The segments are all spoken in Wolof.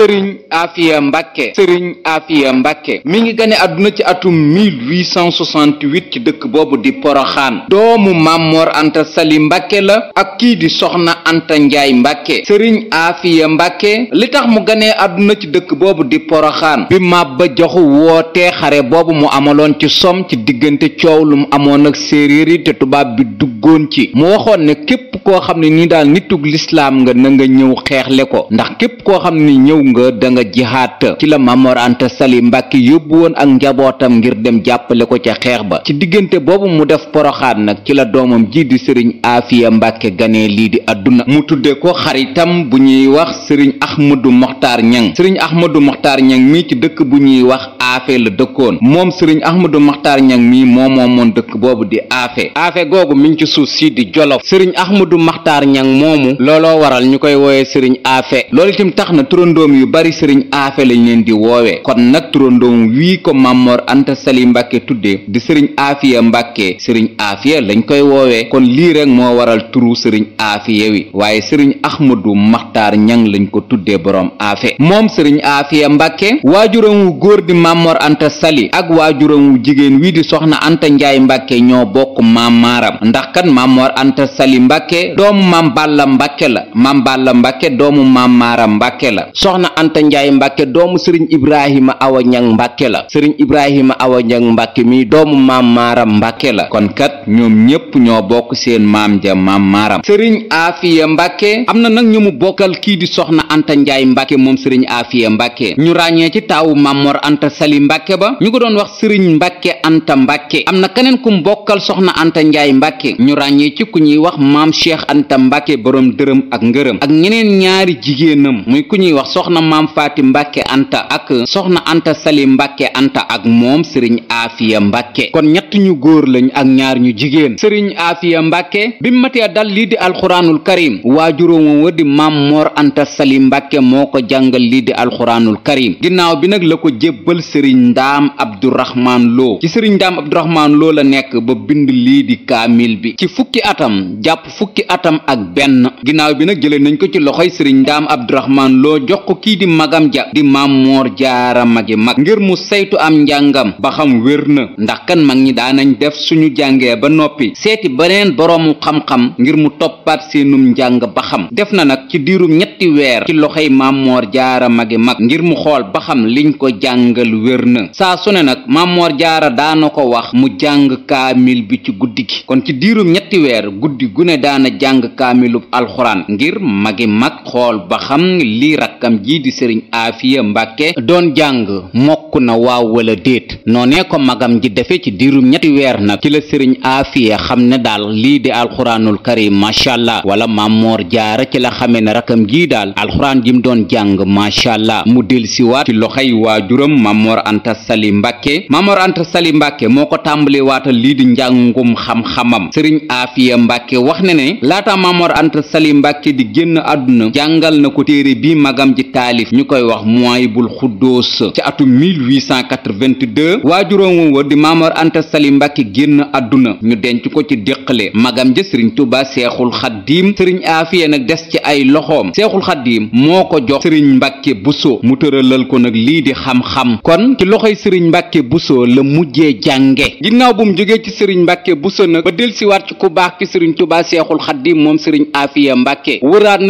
sëriñ Afia Mbacke sëriñ Afia Mbacke mi ngi gane àdduna ci atum 1868 ci dëkk boobu di Poroxaan doomu Mamor Anta Sali Mbacke la ak kii di soxna Anta Njaay Mbacke sëriñ Afia Mbacke li tax mu gane àdduna ci dëkk boobu di Poroxaan bi Maba joxu wootee xare boobu mu amaloon ci som ci diggante coow lu mu amoon ak séeréer yi te tubaab bi duggoon ci mu waxoon ne képp koo xam ne nii daal nitug lislaam nga na nga ñëw xeexle ko ndax képp koo xam ne ñëw nga da nga jihaat ci la Mamor Anta Sali Mbàkke yóbbu woon ak njabootam ngir dem jàppale ko ca xeex ba ci diggante boobu mu def poroxaan nag ci la doomam jii di sëriñ Afiya Mbàkke ganee lii di àdduna mu tudde ko xaritam bu ñuy wax sëriñ Ahmadu Moxtaar Ñang sëriñ Ahmadu Moxtaar Ñang mii ci dëkk bu ñuy wax Afe la dëkkoon moom sëriñ Ahmadu Moxtaar Ñang mii moo moomoon dëkk boobu di Afe Afe googu mi ci suuf si di Jolof sëriñ Ahmadu Moxtaar Ñang moomu looloo yu bari sëriñ aafe lañ leen di woowee kon nag turandoom wii ko Mamor Anta Sali Mbàkke tudde di sëriñ aafiya Mbàkke sëriñ aafiya lañ koy woowe kon lii rek moo waral turu sëriñ aafiya wi waaye sëriñ Axmadu maxtar ñaŋ lañ ko tuddee boroom aafe moom sëriñ aafiya Mbàkke waajuram wu góor di Mamor Anta Sali ak waajuram wu jigéen wii di soxna Anta Njaay Mbàkke ñoo bokk maam maaram ndax kan Mamor Anta Sali Mbàkke doomu maam Balla Mbàkke la maam Balla doomu maam maaram soxna Anta Ndiaye Mbàkke doomu sëriñ Ibrahima Awa Ñang Mbàkke la sëriñ Ibrahima Awa Ñang Mbàkke mi doomu maam Maaram Mbàkke la kon kat ñoom ñépp ñoo bokk seen maam ja maam Maaram sëriñ Afiya Mbàkke am na nag ñu mu bokkal kii di soxna Anta Ndiaye Mbàkke moom sëriñ Afiya Mbàkke ñu ràññee ci taawu Mamor Anta Sali Mbàkke ba ñu ko doon wax sëriñ Mbàkke Anta Mbàkke am na keneen ku mu bokkal soxna Anta Ndiaye Mbàkke ñu ràññee ci ku ñuy wax maam Cheikh Anta Mbàkke boroom dërëm ak ngërëm soxna maam faati mbàkke anta ak soxna anta sali mbàkke anta ak moom sëriñ aafiya mbàkke kon ñett ñu góor lañ ak ñaar jigéen sëriñ aafiya mbàkke bi matee dal lii di alxuraanul karim waajuróom wa di maam moor anta sali mbàkke moo ko jàngal lii di alxuraanul karim ginnaaw bi nag la ko jébbal sëriñ ndaam abdurahmaan loo ci sëriñ ndaam abdurahmaan loo la nekk ba bind lii di kaamil bi ci fukki atam jàpp fukki atam ak benn ginnaaw bi nag jëlee nañ ko ci loxoy sëriñ ndaam abdurahmaan loo kii di magam ja di mamoor moor jaara magi mag ngir mu saytu am njàngam ba xam wér na ndax kan mag ñi daanañ def suñu jàngee ba noppi seeti beneen boroomu xam-xam ngir mu toppaat seenum njàng ba xam def na nag ci diirum ñetti weer ci loxoy maam moor jaara magi mag ngir mu xool ba xam liñ ko jàngal wér na saa su ne nag maam jaara daana ko wax mu jàng kaamil bi ci guddi gi kon ci diirum ñetti weer guddi gu ne daana jàng kaamilub alxuraan ngir magi mag xool ji di sëriñ aafiya mbàkke doon jàng mokk na waaw wala déet noonee ko magam ji defe ci diirum ñetti weer nag ci la sëriñ aafiya xam ne daal lii di alxuraanul kari macha allah wala mammoor jaara ci la xamee ne rakam gii daal alxuraan jim doon jàng macha allah mu del siwaat ci loxoy waajuram mammoor anta sali mbàkke mammoor anta sali moo ko tàmbali waatal lii di njàngum xam-xamam sëriñ aafiya mbàkke wax ne ne laata mammoor anta sali mbàkke di génn àdduna jàngal na ko téere taalif ñu koy wax Muwaybul Xuddoos ci atum 1882 waajuróom wa di Maamor Anta Sali Mbàkke génn àdduna ñu denc ko ci déqale magam ja sëriñ Tuuba Seexul Xaddiim sëriñ Aafiya nag des ci ay loxoom Seexul Xaddiim moo ko jox sëriñ Mbàkke Buso mu tëralal ko nag lii di xam-xam kon ci loxoy sëriñ Mbàkke Buso la mujjee jànge ginnaaw bu mu jógee ci sëriñ Mbàkke Buso nag ba del siwaat ci ku baax ki sëriñ Tuuba Seexul Xaddiim moom sëriñ Aafiya Mbàkke wëraat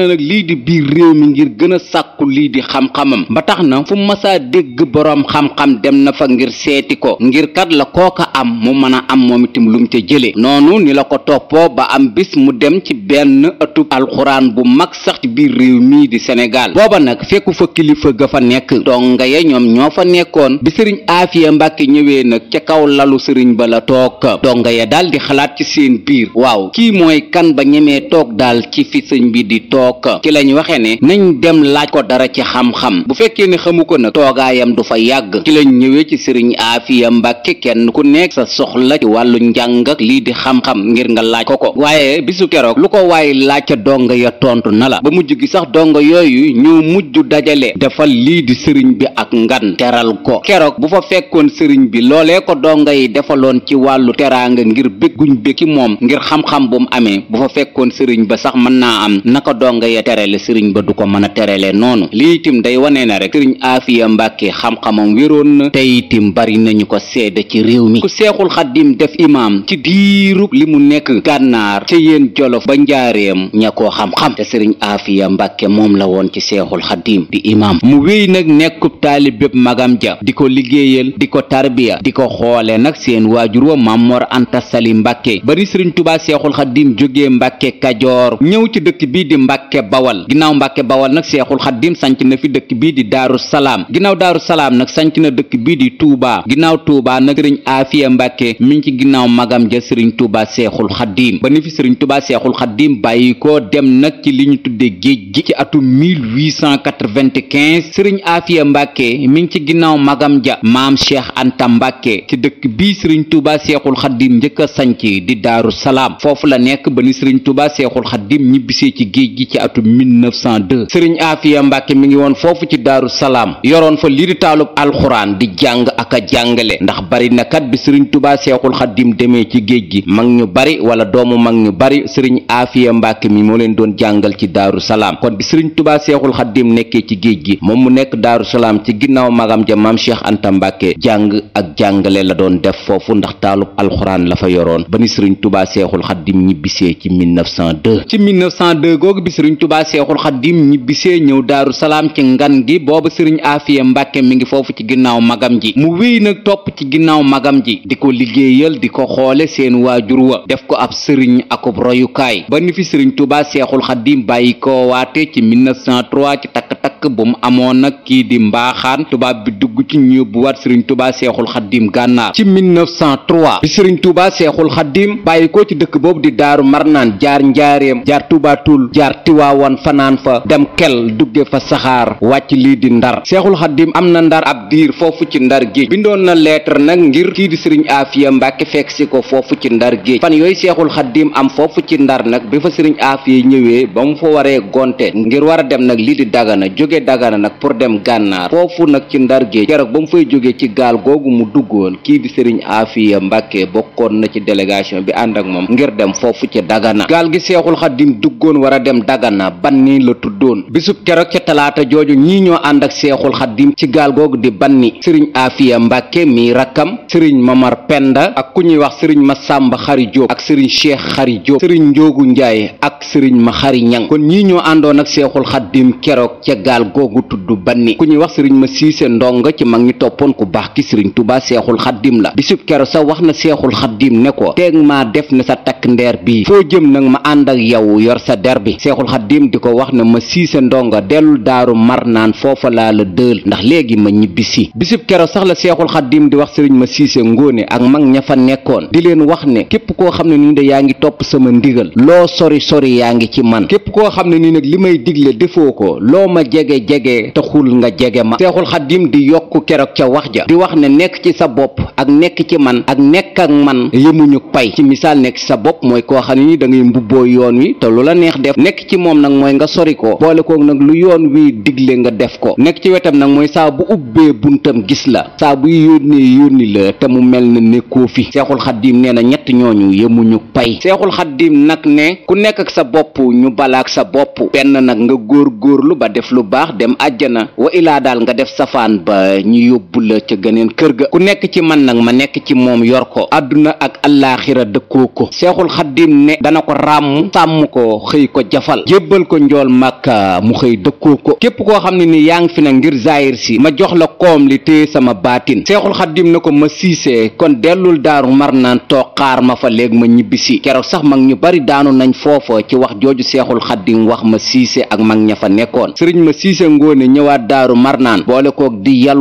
lii di xam-xamam ba tax na fu masaa dégg boroom xam-xam dem na fa ngir seeti ko ngir kat la kooka am mu mën a am moom itam lu mu ca jëlee noonu ni la ko toppoo ba am bis mu dem ci benn ëttub alxuraan bu mag sax biir mii di Sénégal booba nag fekku fa kilifa ga fa nekk donga ya ñoom ñoo fa nekkoon bi sëriñ Aafiya Mbàkke ñëwee nag ca kaw lalu sëriñ ba la toog donga ya daal xalaat ci seen biir waaw kii mooy kan ba ñemee toog daal ci fi bi di toog ci lañ waxee ne nañ dem laaj ko dara ci xam-xam bu fekkee ne xamu ko nag toogaayam du fa yàgg ci lañ ñëwee ci sëriñ aafiya mbàkke kenn ku nekk sa soxla ci wàllu njàng lii di xam-xam ngir nga laaj ko ko waaye bisu keroog lu ko waaye laaj ca donga ya tontu na la ba mujj gi sax donga yooyu ñu mujj dajale defal lii di sëriñ bi ak ngan teral ko keroog bu fa fekkoon sëriñ bi loolee ko donga yi defaloon ci wàllu teraanga ngir bégguñ békki moom ngir xam-xam bu mu amee bu fa fekkoon sëriñ ba sax mën naa am naka donga ya terale sëriñ ba du ko mën a terale lii itam day wane na rek sëriñ Afiya Mbàkke xam xam wéroon na tey itam bari nañu ko seede ci réew mi ku seexul xaddim def imaam ci diirub li mu nekk gànnaar ca yéen jolof ba njaareem ña koo xam-xam te sëriñ Afiya Mbàkke moom la woon ci seexul xaddim di imaam mu wéy nag nekkub taalib bépp magam ja di ko liggéeyal di ko tarbiya di ko xoole nag seen waajur wa Mamor Anta Sali Mbàkke bari sëriñ Tubaa seexul xaddim jóge Mbàkke Kajoor ñëw ci dëkk bii di Mbàkke Bawal sanc na fi dëkk bii di daaru salaam ginnaaw daaru salaam nag sanc na dëkk bii di tuubaa ginnaaw tuubaa nag sëriñ aafiya mbàkke mi ngi ci ginnaaw magam ja sëriñ tuubaa seexul xaddiim ba ni fi sëriñ tuubaa seexul xaddiim bàyyi ko dem nag ci li ñu tuddee géej gi ci atum 1895 sëriñ aafiya mbàkke mi ngi ci ginnaaw magam ja maam cheikh anta mbàkke ci dëkk bii sëriñ tuubaa seexul xaddiim njëkk a sanc di daaru salaam foofu la nekk ba ni sëriñ tuubaa seexul xaddiim ñibbisee ci géej gi ci atum 1902 sëriñ Mbàkke mi ngi woon foofu ci daaru salaam yoroon fa liri taalub alxuraan di jàng ak a jàngale ndax bari na kat bi sëriñ tubaa seexul xaddim demee ci géej gi mag ñu bari wala doomu mag ñu bari sëriñ aafiya mbàkke mi moo leen doon jàngal ci daaru salaam kon bi sëriñ tubaa seexul xaddim nekkee ci géej gi moom mu nekk daaru salaam ci ginnaaw magam ja maam cheikh anta mbàkke jàng ak jàngale la doon def foofu ndax taalub alxuraan la fa yoroon ba ni sëriñ tubaa seexul xaddim ñibbisee ci 1902 ci 1902 googu bi sëriñ tubaa seexul xaddim ñibbisee ñëw daaru salaam ci ngan gi boobu sëriñ Afiya Mbàkke mi ngi foofu ci ginnaaw magam ji mu wéy nag topp ci ginnaaw magam ji di ko liggéeyal di ko xoole seen waajur wa def ko ab sëriñ akub royukaay ba ni fi sëriñ Tuubaa Seexul Xadiim bàyyi ko waate ci 1903 ci takk-takk bu mu amoon nag kii di mbaaxaan tubaab bi dugg ci ñëbbuwaat sëriñ Tuubaa Seexul Xadiim gànnaar ci 1903 bi sëriñ Tuubaa Seexul Xadiim bàyyi ko ci dëkk boobu di daaru marnaan jaar njaareem jaar Tuubaa Tuul jaar Tiwaawan fanaan fa dem kel dugge fa saxaar wàcc lii di ndar seexul xaddim am na ndar ab diir foofu ci ndar géej bindoon na lettre nag ngir kii di sëriñ aafiya mbàkke fekk si ko foofu ci ndar géej fan yooyu seexul xaddim am foofu ci ndar nag bi fa sëriñ aafiya ñëwee ba mu fa waree gonte ngir war a dem nag lii di dagana jóge dagana nag pour dem gànnaar foofu nag ci ndar géej keroog ba mu fay jógee ci gaal googu mu duggoon kii di sëriñ aafiya mbàkke bokkoon na ci délégation bi ànd ak moom ngir dem foofu ci dagana gaal gi seexul xaddim duggoon war a dem dagana ban ni la talaata jooju ñii ñoo ànd ak seexul xaddim ci gaal googu di banni sëriñ afiya mbàkke mi rakkam sëriñ mamar penda ak ku ñuy wax sëriñ masàmba xari jóob ak sëriñ cheikh xari jóob sëriñ njoogu njaaye ak sëriñ ma xari ñang kon ñii ñoo àndoon ak seexul xaddim keroog ca gaal googu tudd banni ku ñuy wax sëriñ ma siise ndonga ci mag ñi toppoon ku baax ki sëriñ tubaa seexul xaddim la bisub kero sa wax na seexul xaddim ne ko teeg maa def ne sa takk ndeer daaru mar naan foofa laa la dël ndax léegi ma ñibbisi bisib kero sax la seexul xaddim di wax sëriñ ma siise ngóone ak mag ña fa nekkoon di leen wax ne képp koo xam ne nii de yaa ngi topp sama ndigal loo sori sori yaa ngi ci man képp koo xam ne nii nag li may digle defoo ko loo ma jege jege te xul nga jege ma seexul xaddim di yokku keroog ca wax ja di wax ne nekk ci sa bopp ak nekk ci man ak nekk ak man yemuñu pay ci misaal nekk ci sa bopp mooy koo xam ne ni da ngay mbubboo yoon wi te lu la neex def nekk ci moom nag mooy nga sori ko boole koog nag lu yoon wi digle nga def ko nekk ci wetam nag mooy saa bu ubbee buntam gis la saa buy yónnee yónni la te mu mel na nekkoo fi seexul xaddiim nee na ñett ñooñu yemuñu pay seexul xaddiim nag ne ku nekk ak sa bopp ñu balaak sa bopp benn nag nga góor góorlu ba def lu baax dem àjjana wa ilaa daal nga def safaan ñu yóbbu la ca geneen kër ga ku nekk ci man nag ma nekk ci moom yor ko àdduna ak allaaxira dëkkoo ko seexul xaddim ne dana ko ràmm sàmm ko xëy ko jafal jébbal ko njool màkka mu xëy dëkkoo ko képp koo xam ne ni yaa fi na ngir zaayir si ma jox la koom li te sama baatin seexul xaddim ne ko ma siisee kon dellul daaru mar naan toog xaar ma fa léegi ma ñibbisi keroog sax mag ñu bari daanu nañ foofa ci wax jooju seexul xaddim wax ma siisee ak mag ña fa nekkoon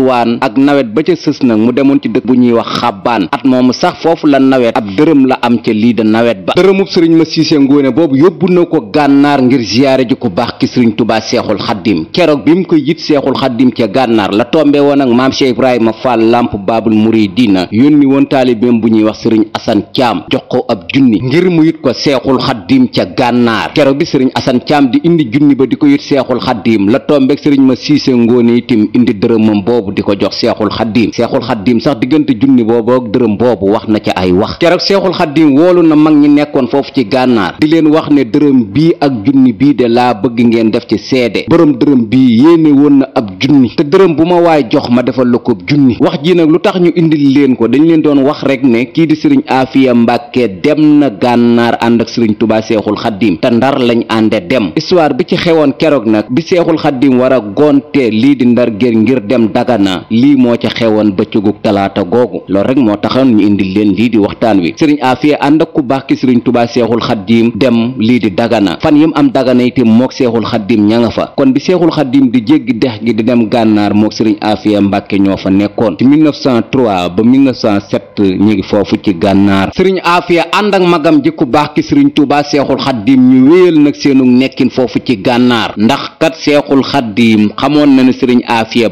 yelwaan ak nawet ba ca sës nag mu demoon ci dëkk bu ñuy wax xabbaan at moomu sax foofu la nawet ab dërëm la am ca lii de nawet ba dërëmub sëriñ ma siise ngóone boobu yóbbu na ko gànnaar ngir ziyaare ji ko baax ki sëriñ tubaa seexul xaddim keroog bi mu ko yit seexul xaddim ca gànnaar la tombe woon ak maam cheikh ibrahima fall làmp baabul muridina yónni woon taalibeem bu ñuy wax sëriñ asan caam jox ko ab junni ngir mu yit ko seexul xaddim ca gànnaar kero bi sëriñ asan caam di indi junni ba di ko seexul xaddim la tombeek sëriñ ma siise ngóone indi dërëmam di ko jox seexul xaddiim seexul xaddiim sax diggante junni boobu ak dërëm boobu wax na ci ay wax keroog seexul xaddiim woolu na mag ñi nekkoon foofu ci gànnaar di leen wax ne dërëm bii ak junni bii de laa bëgg ngeen def ci seede boroom dërëm bii yéene woon na ab junni te dërëm bu ma waaye jox ma defal la ko junni wax ji nag lu tax ñu indil leen ko dañ leen doon wax rek ne kii di sëriñ Afiya Mbàkke dem na gànnaar ànd ak sëriñ Tuubaa seexul xaddiim te ndar lañ ànde dem histoire bi ci xewoon keroog nag bi a gonte lii di ndar géer ngir dem dagana na lii moo ca xewoon bëccëgug talaata googu loolu rek moo taxoon ñu indil leen lii di waxtaan wi sëriñ Afia ànd ak ku baax ki sëriñ Tuubaa Seexul Xaddiim dem lii di dagana fan yim am dagana itam mook Seexul Xaddiim ña nga fa kon bi Seexul Xaddiim di jéggi dex gi di dem gànnaar mook sëriñ Afia Mbàkke ñoo fa nekkoon ci ba 1907 ñu ngi foofu ci gànnaar sëriñ Afia ànd ak magam ji baax ki sëriñ Tuubaa Seexul Xaddiim ñu wéyal nag seenu nekkin foofu ci gànnaar ndax kat Seexul Xaddiim xamoon na ne sëriñ Afia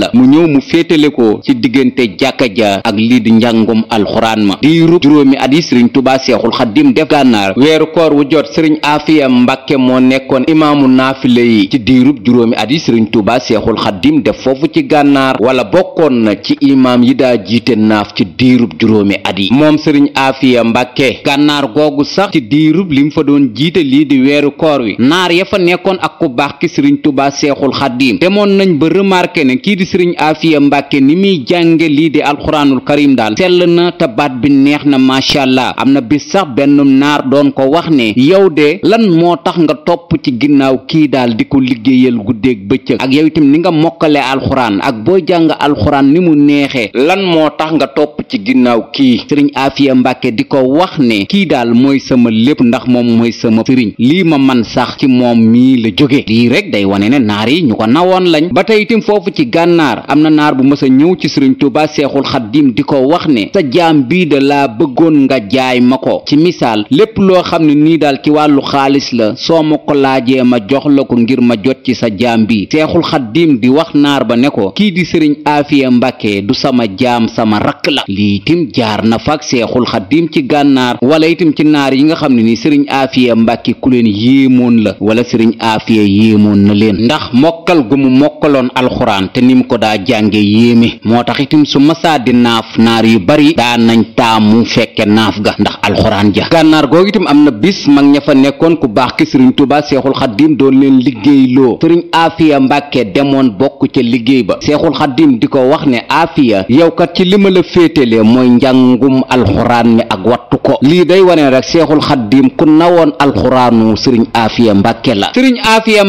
la mu ñëw mu féetale ko ci diggante jàkka ja ak lii di njàngum alxuraan ma diiru juróomi at yi sëriñ tubaa seexul xaddim def gànnaar weeru koor wu jot sëriñ afiya mbàkke moo nekkoon imaamu naafile yi ci diirub juróomi at yi sëriñ tubaa seexul xaddim def foofu ci gànnaar wala bokkoon na ci imaam yi daa jiite naaf ci diirub juróomi at yi moom sëriñ afiya mbàkke gànnaar googu sax ci diirub mu fa doon jiite lii di weeru koor wi naar ya fa nekkoon ak ku baax ki sëriñ tubaa seexul xaddim demoon nañ ba remarqué ne kii di sëriñ afiya mbàkke ni muy jànge lii di alxuraanul karim daal sell na te baat bi neex na macha allah am na bi sax bennum naar doon ko wax ne yow de lan moo tax nga topp ci ginnaaw kii daal di ko liggéeyal guddeeg bëccëg ak yow itam ni nga mokkale alxuraan ak boo jàng alxuraan ni mu neexee lan moo tax nga topp ci ginnaaw kii sëriñ afiya mbàkke di ko wax ne kii daal mooy sama lépp ndax moom mooy sama sëriñ lii ma man sax ci moom mii la jóge lii rek day wane ne naar yi ñu ko nawoon lañ ba tey foofu ci gànn naar am na naar bu mës a ñëw ci sëriñ tuuba seexul xaddim di ko wax ne sa jaam bii da laa bëggoon nga jaay ma ko ci misaal lépp loo xam ne nii daal ci wàllu xaalis la soo ma ko laajee ma jox la ko ngir ma jot ci sa jaam bi seexul xaddim di wax naar ba ne ko kii di sëriñ aafiya mbàkke du sama jaam sama rakk la lii itam jaar na faak seexul xaddim ci gànnaar wala itam ci naar yi nga xam ne nii sëriñ aafiya mbàkke ku leen yéemoon la wala sëriñ ko daa jànge yéeme moo tax itam su masaa di naaf naar yu bari daa nañ taamu fekke naaf ga ndax alxuraan ja gànnaar googu itam am na bis mag ña fa nekkoon ku baax ki sëriñ tuuba seexul xaddim doon leen liggéey loo sëriñ aafiya mbàkke demoon bokk ca liggéey ba seexul xaddim di ko wax ne aafiya yow kat ci li ma la féetale mooy njàngum alxuraan mi ak wattu ko lii day wane rek seexul xaddim ku nawoon alxuraanu sëriñ aafiya mbàkke la sëriñ aafiya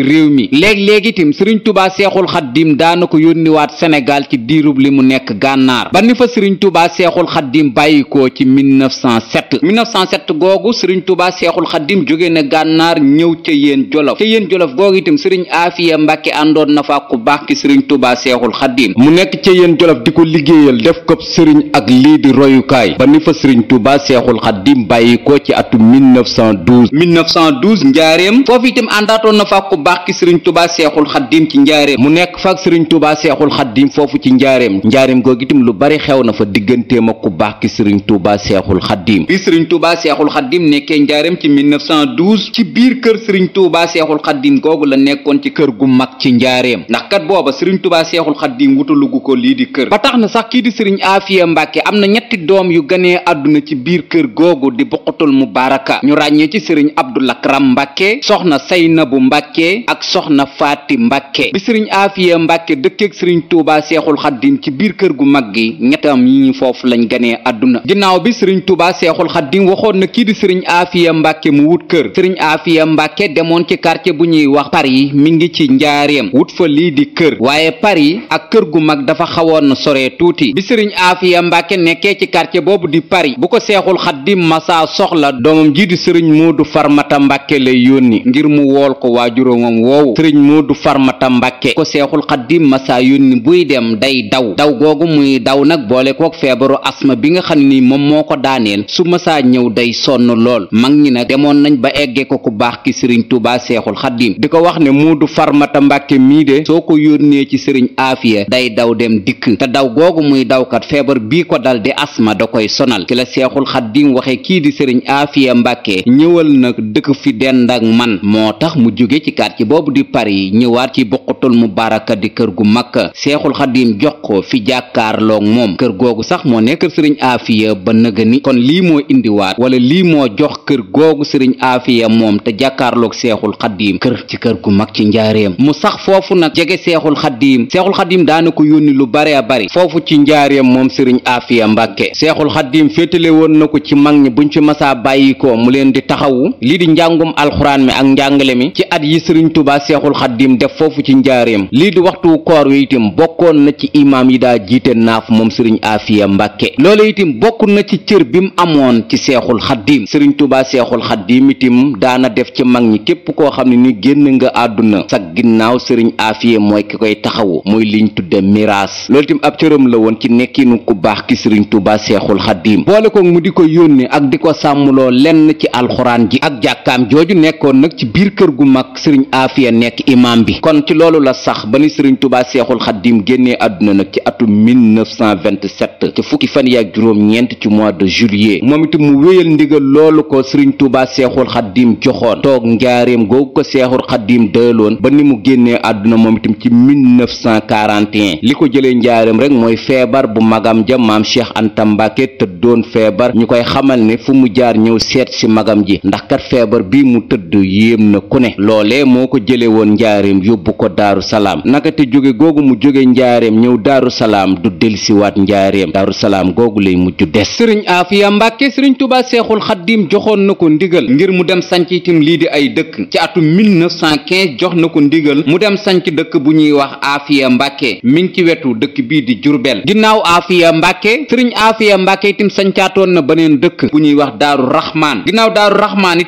la ci réew mi léeg-léeg itam sëriñ tubaa seexul xaddim daana ko yónniwaat sénégal ci diirub li mu nekk gànnaar ba ni fa sëriñ tubaa seexul xaddim bàyyikoo ci 1907 1907 googu sëriñ tubaa seexul xaddim jóge ne gànnaar ñëw ca yéen jolof ca yéen jolof googu itam sëriñ aafiya mbàkke àndoon na fa ku baax ki sëriñ tubaa seexul xaddim mu nekk ca yéen jolof di ko liggéeyal def ko sëriñ ak lii di royukaay ba ni fa sëriñ tubaa seexul xaddim bàyyikoo ci atum 1912 1912 njaareem foofu pàqi sëriñ tubaa seexul xaddiim ci njaareem mu nekk faak sëriñ tubaa seexul xaddiim foofu ci njaareem njaareem googu itam lu bari xew na fa digganteem ak ku baax ki sëriñ tubaa seexul xaddiim bi sëriñ tubaa seexul xaddiim nekkee njaareem ci 1912 ci biir kër sëriñ tubaa seexul xaddiim googu la nekkoon ci kër gu mag ci njaareem ndax kat booba sëriñ tubaa seexul xaddiim gu ko lii di kër ba tax na sax kii di sëriñ aafiya mbàkke am na ñetti doom yu ganee àdduna ci biir kër googu di buqutul mubaaraka ñu ràññee ci sëriñ abdulakram mbàkke soxna saynabu mbàkke ak soxna faati mbàkke bi sëriñ aafiya mbàkke dëkkeek sëriñ tuuba seexul xaddim ci biir kër gu mag gi ñettam ñi foofu lañ ganee àdduna ginnaaw bi sëriñ tuuba seexul xaddim waxoon na kii di sëriñ aafiya mbàkke mu wut kër sëriñ aafiya mbàkke demoon ci quartier bu ñuy wax par yi mi ngi ci njaareem wut fa lii di kër waaye par yi ak kër gu mag dafa xawoon na sore tuuti bi sëriñ aafiya mbàkke nekkee ci quartier boobu di Paris bu ko seexul xaddim masaa soxla doomam ji di sëriñ moodu farmata mbàkke lay yónni ngir mu wool ko waajuróom doomam woowu sëriñ Moodu Farmata Mbàkke ko seexul xaddim masaa yónni buy dem day daw daw googu muy daw nag boole kook feebaru asma bi nga xam ni moom moo ko daaneel su masaa ñëw day sonn lool mag ñi nag demoon nañ ba eggee ko ku baax ki sëriñ Tuubaa seexul xaddim di ko wax ne Moodu Farmata Mbàkke mii de soo ko yónnee ci sëriñ Aafiya day daw dem dikk te daw googu muy dawkat feebar bii ko dal di asma da koy sonal ci la seexul xaddim waxe kii di sëriñ Aafiya Mbàkke ñëwal pàcc boobu di Paris ñëwaat ci boqatul mubaaraka di kër gu mag seexul xadim jox ko fi jàkkaarlook moom kër googu sax moo nekk sëriñ Afiya ba nëga ni kon lii moo indiwaat wala lii moo jox kër googu sëriñ Afiya moom te jàkkaarloog seexul xadim kër ci kër gu mag ci njaareem mu sax foofu nag jege seexul xadim seexul xadim daana ko yónni lu bare a bari foofu ci njaareem moom sëriñ Afiya Mbàkke seexul xadim féetale woon na ko ci mag ñi buñ ci masaa bàyyikoo mu leen di taxawu sëriñ tubaa seexul xaddim def foofu ci njaareem lii di waxtu koor wi itam bokkoon na ci imaam yi daa jiite naaf moom sëriñ afiya mbàkke loolu itam bokk na ci cër bi mu amoon ci seexul xaddim sëriñ tubaa seexul xaddim itam daana def ci mag ñi képp koo xam ne ni génn nga àdduna sa ginnaaw sëriñ afiya mooy ki koy taxawu muy liñ tudde miraas loolu itam ab cëram la woon ci nekkinu ku baax ki sëriñ tubaa seexul xaddim boole ko mu di ko gu mag sëriñ aafiya nekk imaam bi kon ci loolu la sax ba ni sëriñ tubaa seexul xaddim génnee àdduna nag ci atum 1927 ci fukki fan yaak juróom-ñeent ci mois de juillet moom itam mu wéyal ndigal loolu ko sëriñ tubaa seexul xaddim joxoon toog njaareem googu ko seexul xaddim dëloon ba ni mu génnee àdduna moom itam ci 1941 li ko jëlee njaareem rek mooy feebar bu magam ja maam cheikh anta mbàkke tëddoon feebar ñu koy xamal ne fu mu jaar ñëw seet si magam ji ndax kat feebar bi mu tëdd yéem moo ko jële woon njaareem yóbbu ko daaru salaam naka te jóge googu mu jóge njaareem ñëw daaru salaam du delsiwaat njaareem daaru salaam googu lay mujj des sëriñ aafiya mbàkke sëriñ tubaa seexul xaddiim joxoon na ko ndigal ngir mu dem sanc itam lii di ay dëkk ci atu 1915 jox na ko ndigal mu dem sanc dëkk bu ñuy wax aafiya mbàkke mi ci wetu dëkk bii di jurbel ginnaaw aafiya mbàkke sëriñ aafiya mbàkke itam sancaatoon na beneen dëkk bu ñuy wax daaru raxmaan ginnaaw daaru raxmaan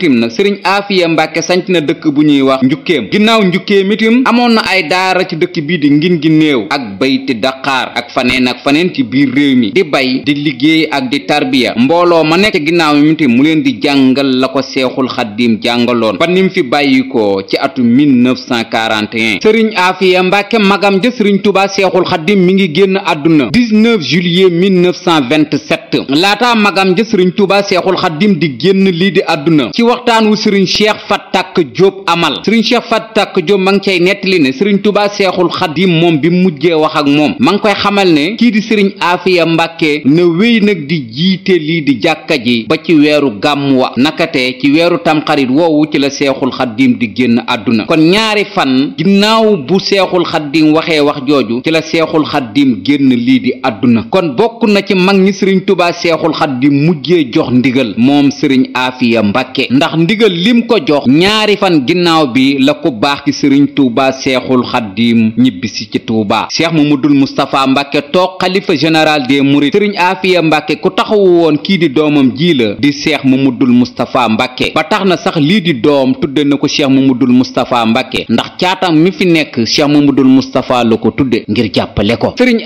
njukkeem ginnaaw njukkeem itam amoon na ay daara ci dëkk bii di ngin gi néew ak bay ti daqaar ak faneen ak faneen ci biir réew mi di bay di liggéey ak di tarbiya mbooloo ma nekk ginnaaw mi itam mu leen di jàngal la ko seexul xaddiim jàngaloon ba mu fi bàyyi ko ci atu 1941 sëriñ Afiya Mbàkke magam ja sëriñ Tuubaa seexul xaddiim mi ngi génn àdduna 19 juillet 1927 ñett laataa magam ja sëriñ tuuba seexul xaddim di génn lii di àdduna ci waxtaan wu sëriñ cheikh fat tàkk jóob amal sëriñ cheikh fat tàkk jóob ma ngi cay nettali ne sëriñ tuuba seexul xaddim moom bi mujjee wax ak moom ma ngi koy xamal ne kii di sëriñ aafiya mbàkke na wéy nag di jiite lii di jàkka ji ba ci weeru gàmm wa nakate ci weeru tamxarit woowu ci la seexul xaddim di génn àdduna kon ñaari fan ginnaaw bu seexul xaddim waxee wax jooju ci la seexul xaddim génn lii di àdduna la seexul xaddim mujjee jox ndigal moom sëriñ aafiya mbàkke ndax ndigal lim ko jox ñaari fan ginnaaw bi la ko baax ki sëriñ tuuba seexul xaddim ñibbisi ci tuuba seex mamadul mustapha mbàkke toog xalifa général des mourides sëriñ aafiya mbàkke ku taxawu woon kii di doomam ji la di seex mamadul mustapha mbàkke ba tax na sax lii di doom tudde na ko seex mamadul mustapha mbàkke ndax caatam mi fi nekk seex mamadul mustapha la ko tudde ngir jàppale ko sëriñ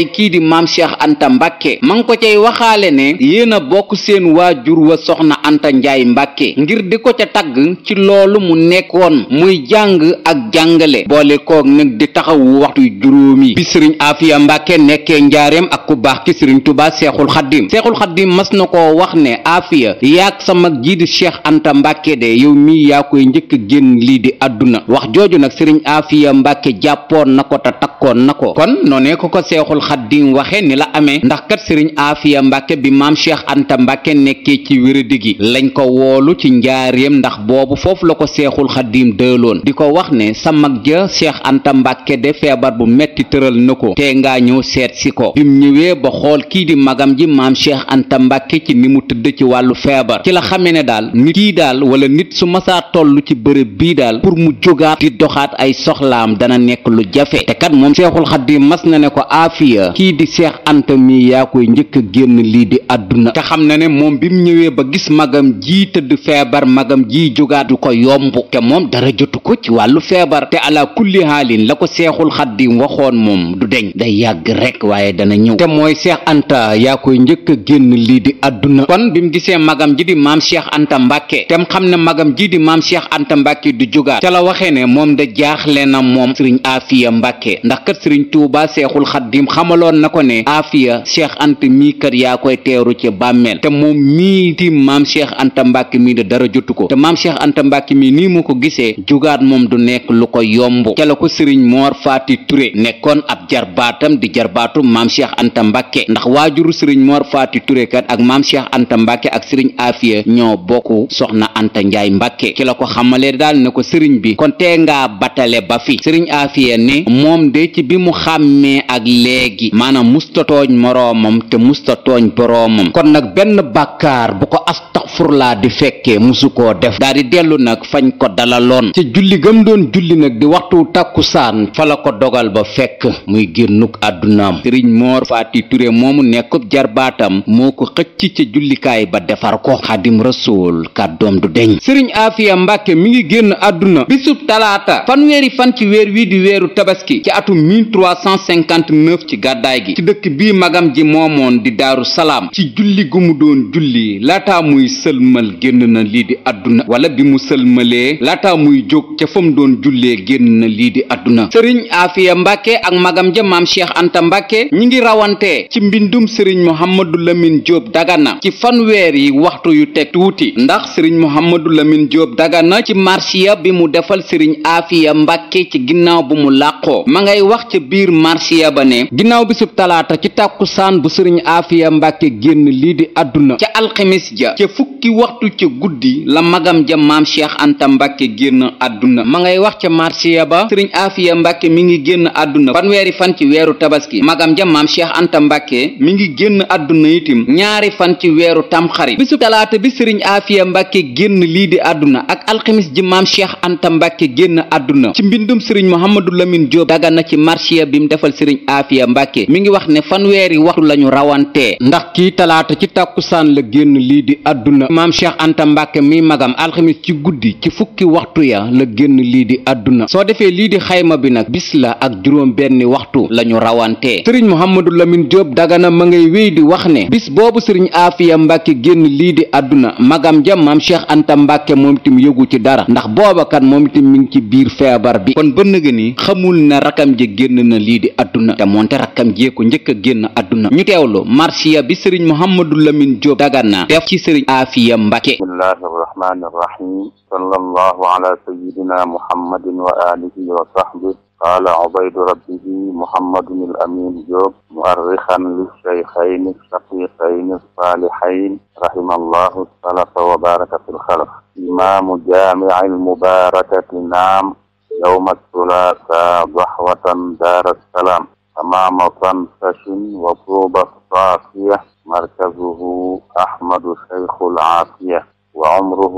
way kii di maam cheikh anta mbàkke ma ngi ko cay waxaale ne yéen a bokk seen waajur wa soxna anta njaay mbàkke ngir di ko ca tagg ci loolu mu nekkoon muy jàng ak jàngale boole koog nag di taxawu waxtu juróomi bi sëriñ afiya mbàkke nekkee njaareem ak ku baax ki sëriñ tuba seexul xaddim seexul xaddim mas na koo wax ne afiya yaag sa mag cheikh anta mbàkke de yow mii yaa koy njëkk génn lii di àdduna wax jooju nag sëriñ afiya mbàkke jàppoon na ko te takkoon na ko kon noonee ko ko seexul xaddim waxe ni la amee ndax kat sëriñ aafiya mbàkke bi maam cheikh anta mbàkke nekkee ci wéradi gi lañ ko woolu ci njaareem ndax boobu foofu la ko seexul xaddim dëloon di ko wax ne sa mag ja cheikh anta mbàkke de feebar bu metti tëral na ko te ngaa ñëw seet si ko bim ñëwee ba xool kii di magam ji maam cheikh anta mbàkke ci ni mu tëdd ci wàllu feebar ci la xamee ne daal nit kii daal wala nit su masaa toll ci bërëb bii daal pour mu jógaat di doxaat ay soxlaam dana nekk lu jafe te kat moom seexul xaddim ne ko aafiya ya kii di seex anta mi yaa koy njëkk a génn lii di àdduna te xam na ne moom bi mu ñëwee ba gis magam ji tëdd feebar magam ji jógaat du ko yomb te moom dara jotu ko ci wàllu feebar te ala kulli haalin la ko seexul xaddim waxoon moom du deñ day yàgg rekk waaye dana ñëw te mooy seex anta yaa koy njëkk génn lii di àdduna kon bi mu gisee magam ji di maam seex anta mbàkke te mu xam ne magam ji di maam seex anta mbàkke du jógaat ca la waxee ne moom da jaaxle na moom sëriñ afiya ndax xamaloon na ko ne afiya cheikh anta mii kat yaa koy teeru ci bàmmeel te moom mii di maam cheikh anta mbàkke mii de dara jotu ko te maam cheikh anta mbàkke nii mu ko gisee jugaat moom du nekk lu ko yomb ca ko sëriñ moor faati ture nekkoon ab jarbaatam di jarbaatu maam cheikh anta mbàkke ndax waajuru sëriñ moor faati ture kat ak maam cheikh anta mbàkke ak sëriñ afiya ñoo bokku soxna anta njaay mbàkke ci la ko xamale daal ne ko sëriñ bi kon tee ngaa batale ba fi sëriñ afiya ne moom de ci bi mu xàmmee ak léegi teggi maanaam musta tooñ moroomam te musta tooñ boroomam kon nag benn bàkkaar bu ko astaxfurlaa di fekkee musu koo def daa di dellu nag fañ ko dalaloon ci julli gam doon julli nag di waxtu tàkkusaan saan fala ko dogal ba fekk muy génnuk àddunaam sëriñ moor faati ture moomu nekkub jarbaatam moo ko xëcc ca jullikaay ba defar ko xadim rasul kàddoom du deñ sëriñ aafiya mbàkke mi ngi génn àdduna bisub talaata fanweeri fan ci weer wii di weeru tabaski ci atum ci gàddaay gi ci dëkk bii magam ji moomoon di daaru salaam ci julli gu mu doon julli laataa muy sëlmal génn na lii di àdduna wala bi mu sëlmalee laataa muy jóg ca fa mu doon jullee génn na lii di àdduna sëriñ Afia Mbàkke ak magam ja maam Cheikh Anta Mbàkke ñi ngi rawantee ci mbindum sëriñ Mouhamadou Lamine Diop Dagana ci fanweer yi waxtu yu teg tuuti ndax sëriñ Mouhamadou Lamine Diop Dagana ci marsiya bi mu defal sëriñ Afia Mbàkke ci ginnaaw bu mu làqoo ma ngay wax ca biir marsiya ba ginnaaw bisub talaata ci tàkkusaan bu sëriñ aafiya mbàkke génn lii di àdduna ca alxemes ja ca fukki waxtu ca guddi la magam ja maam cheikh anta mbàkke génn àdduna ma ngay wax ca marsiya ba sëriñ aafiya mbàkke mi ngi génn àdduna fanweeri fan ci weeru tabaski magam ja maam cheikh anta mbàkke mi ngi génn àdduna itim ñaari fan ci weeru tamxarit bisub talaata bi sëriñ aafiya mbàkke génn lii di àdduna ak alxemes ji maam cheikh anta mbàkke génn àdduna ci mbindum sëriñ mohamadu lamin jóob daga na ci bi mu defal sëriñ aafiya Mbàkke mi ngi wax ne fanweeri waxtu lañu rawantee ndax kii talaata ci tàkkusaan la génn lii di àdduna maam Cheikh Anta Mbàkke mi magam alxamis ci guddi ci fukki waxtu ya la génn lii di àdduna soo defee lii di xayma bi nag bis la ak juróom benni waxtu lañu rawantee sëriñ Mouhamadou Lamine Diop Dagana ma ngay wéy di wax ne bis boobu sëriñ Afia Mbàkke génn lii di àdduna magam ja maam Cheikh Anta Mbàkke moom itam yëgu ci dara ndax booba kat moom itam mi ci biir feebar bi kon ba nëgë ni xamul ne lii di àdduna rakkam jee ko njëkk a génn àdduna ñu teewlu marsiya bi sëriñ Mouhamadou Lamine Diop Dagana def ci sëriñ Afiya Mbacke bismillahi arrahmani arrahim sallallahu ala sayyidina muhammadin wa alihi wa sahbihi qaala ubaydu rabbihi muhammadun al amin Diop muarrixan li sheykhayni shaqiqayni saalihayn rahimallahu salafa wa baraka fi lxalaf imaamu jaamici almubarakati naam yowma thulaatha dahwatan daara salaam أمام طنفة وطوبة صافية مركزه أحمد شيخ العافية وعمره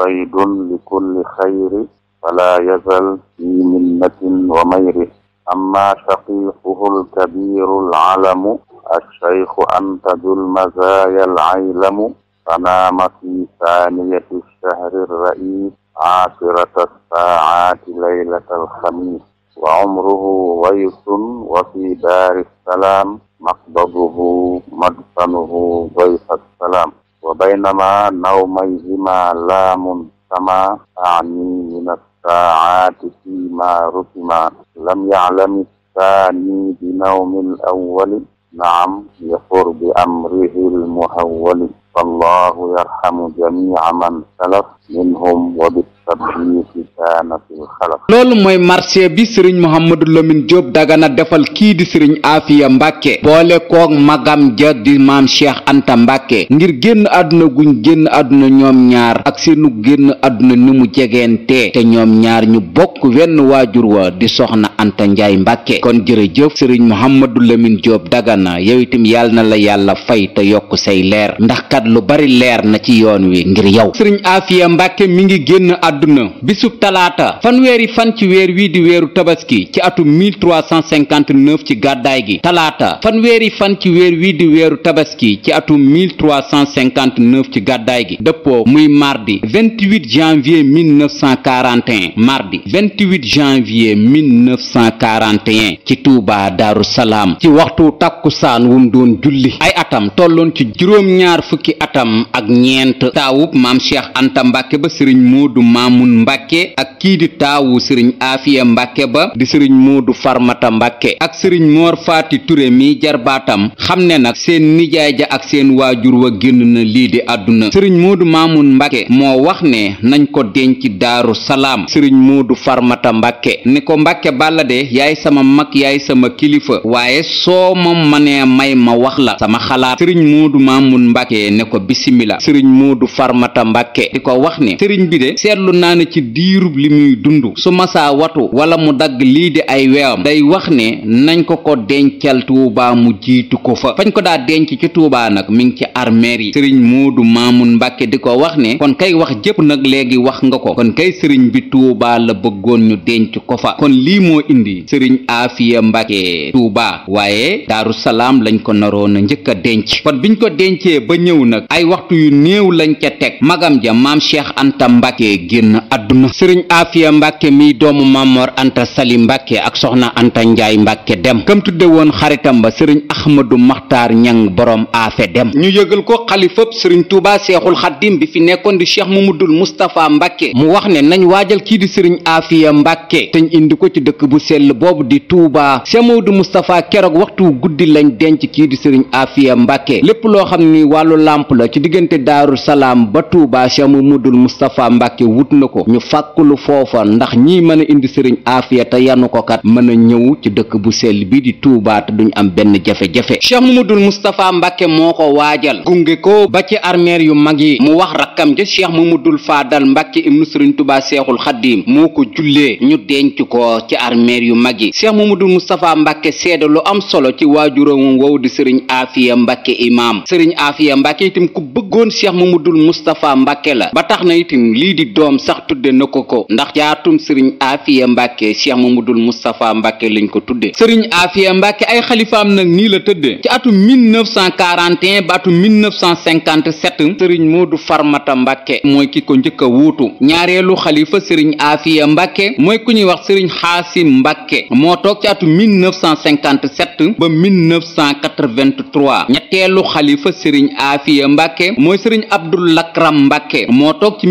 صيد لكل خير فلا يزل في منة وميره أما شقيقه الكبير العلم الشيخ أنت ذو المزايا العيلم فنام في ثانية الشهر الرئيس عاشرة الساعات ليلة الخميس wa umruhu waysun wa fi daari salaam maqdaduhu madfanuhu dayfa salaam wa baynama nawmayhima laamun sama ani min assaa'aati fiima rusima lam ya'lam الثاني بنوم الأول نعم يفر بأمره المهول فالله يرحم جميع من سلف منهم وبالتالي loolu mooy marché bi sëriñ Mouhamadou Lamine Diop Dagana defal kii di sëriñ Afia Mbàkke boole koog magam ja di maam Cheikh Anta Mbàkke ngir génn àdduna guñ génn àdduna ñoom ñaar ak seenu génn àdduna ni mu jegeente te ñoom ñaar ñu bokk wenn waajur wa di soxna Anta Njaay Mbàkke kon jëre jërëjëf sëriñ Mouhamadou Lamine Diop Dagana yow itam yàlla na la yàlla fay te yokk say leer ndax kat lu bari leer na ci yoon wi ngir yow sëriñ Afia Mbàkke mi ngi génn àdduna àdduna bisub talaata fanweeri fan ci weer wii di weeru tabaski ci atum 1359 ci gàddaay gi talaata fanweeri fan ci weer wii di weeru tabaski ci atum 1359 ci gàddaay gi dëppoo muy mardi 28 janvier 1941 mardi 28 janvier 1941 ci Touba Darou Salaam ci waxtu takkusaan wum doon julli ay atam tolloon ci juróom-ñaar fukki atam ak ñeent taawub maam Cheikh Anta ba sëriñ Moodu maam Maamun Mbàkke ak kii di taawu sëriñ Afiya Mbàkke ba di sëriñ Farmata Mbàkke ak sëriñ Moor Faati Ture mi jarbaatam xam ne nag seen nijaay ja ak seen waajur wa génn na lii di àdduna sëriñ Moodu Maamun Mbàkke moo wax ne nañ ko denc Daaru Salaam sëriñ Moodu Farmata Mbàkke ne ko Mbàkke Balla de yaay sama mag yaay sama kilifa waaye soo ma manee may ma wax la sama xalaat sëriñ Moodu Maamun Mbàkke ne ko bisimila sëriñ Moodu Farmata Mbàkke di ko wax ne sëriñ bi de seetlu naa ne ci diirub li muy dund su masaa watu wala mu dagg lii di ay weewam day wax ne nañ ko ko dencal tuubaa mu jiitu ko fa fañ ko daa denc ci tuubaa nag mi ngi ci armeer yi sëriñ du maamul mbàkke di ko wax ne kon kay wax jëpp nag léegi wax nga ko kon kay sëriñ bi tuubaa la bëggoon ñu denc ko fa kon lii moo indi sëriñ aafiya mbàkke tuubaa waaye daaru salaam lañ ko naroon a njëkk a denc kon biñ ko dencee ba ñëw nag ay waxtu yu néew lañ ca teg magam maam cheikh génn àdduna sëriñ aafiya mbàkke mi doomu mamor anta sali mbàkke ak soxna anta njaay mbàkke dem kam tudde woon xaritam ba sëriñ axmadu maxtaar ñang boroom aafe dem ñu yëgal ko xalifab sëriñ tuuba seexul xaddim bi fi nekkoon di mu mamadul mustapha mbàkke mu wax ne nañ waajal kii di sëriñ aafiya mbàkke teñ indi ko ci dëkk bu sell boobu di tuuba cheikh mamadou mustapha keroog waxtu guddi lañ denc kii di sëriñ aafiya mbàkke lépp loo xam ni wàllu la ci diggante daaru salaam ba tuuba cheikh mamadul mustapha wut na ko ñu fàkkulu foofa ndax ñi mën indi sëriñ aafiya te yanu ko kat mën a ñëw ci dëkk bu sell bi di Tuubaa te duñ am benn jafe-jafe Cheikh Mamadul Moustapha Mbàkke moo ko waajal gunge ko ba ci armeer yu mag yi mu wax rakkam ja Cheikh dul Faadal Mbàkke ibnu sëriñ Tuubaa Seexul Xaddiim moo ko jullee ñu denc ko ci armeer yu mag yi mu Cheikh Mamadul Moustapha Mbàkke seede lu am solo ci waajuram wow di sëriñ aafiya Mbàkke imaam sëriñ aafiya Mbàkke itam bëggoon Cheikh Mamadul Moustapha Mbàkke la sax tudde na ko ko ndax jaatum sëriñ Afiya Mbàkke Cheikh Mamadul Moustapha Mbàkke lañ ko tudde sëriñ Afiya Mbàkke ay xalifaam nag nii la tëddee ci atum 1941 ba atum 1957 sëriñ Moodu Farmata Mbàkke mooy ki ko njëkk a wuutu ñaareelu xalifa sëriñ Afiya Mbàkke mooy ku ñuy wax sëriñ Xaasim Mbàkke moo toog ci atum 1957 ba 1983 ñetteelu xalifa sëriñ Afiya Mbàkke mooy sëriñ Abdul Lakram Mbàkke moo toog ci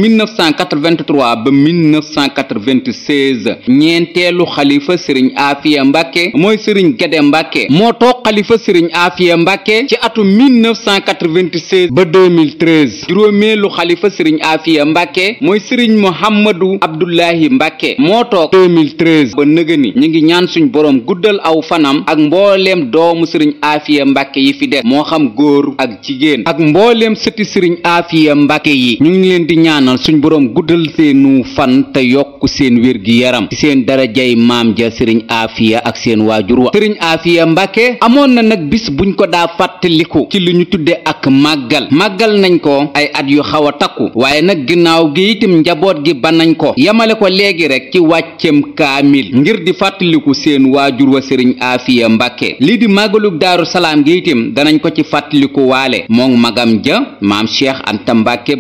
1983 ba 1996 ñeenteelu xalifa sëriñ Afia Mbàkke mooy sëriñ Gede Mbàkke moo toog xalifa sëriñ Afia Mbàkke ci atu 1996 ba 2013 juróomeelu xalifa sëriñ Afia Mbàkke mooy sëriñ Mohammadu Abdullahi Mbàkke moo toog 2013 ba nëgëni ñu ngi ñaan suñu boroom guddal aw fanam ak mbooleem doomu sëriñ Afia Mbàkke yi fi des moo xam góor ak jigéen ak mbooleem sëti sëriñ Afia Mbàkke yi ñu ngi leen di ñaanal suñ boroom guddal guddal seenu fan te yokk seen wér gi yaram ci seen dara darajay maam ja sëriñ aafiya ak seen waajur wa sëriñ aafiya mbàkke amoon na nag bis buñ ko daa fàttaliku ci li ñu tudde ak màggal màggal nañ ko ay at yu xaw a takku waaye nag ginnaaw gi itam njaboot gi ba nañ ko yamale ko léegi rek ci wàcceem kaamil ngir di fàttaliku seen waajur wa sëriñ aafiya mbàkke lii di màggalug daaru salaam gi itam danañ ko ci fàttaliku waale moom magam ja maam cheikh anta mbàkke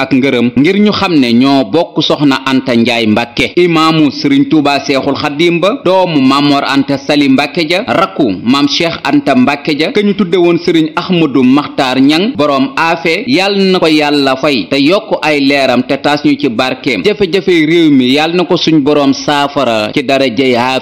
ak ngërëm ñoo bokk soxna anta njaay mbàkke imaamu sëriñ tuuba seexul xaddiim ba doomu mamor anta sali mbàkke ja rakku maam cheikh anta mbàkke ja ka ñu tudde woon sëriñ ahmadu maxtaar ñang boroom aafe yàlla na ko yàlla fay te yokk ay leeram te taas ñu ci barkeem jafe-jafe réew mi yàlla na ko suñ boroom saafara ci dara jëy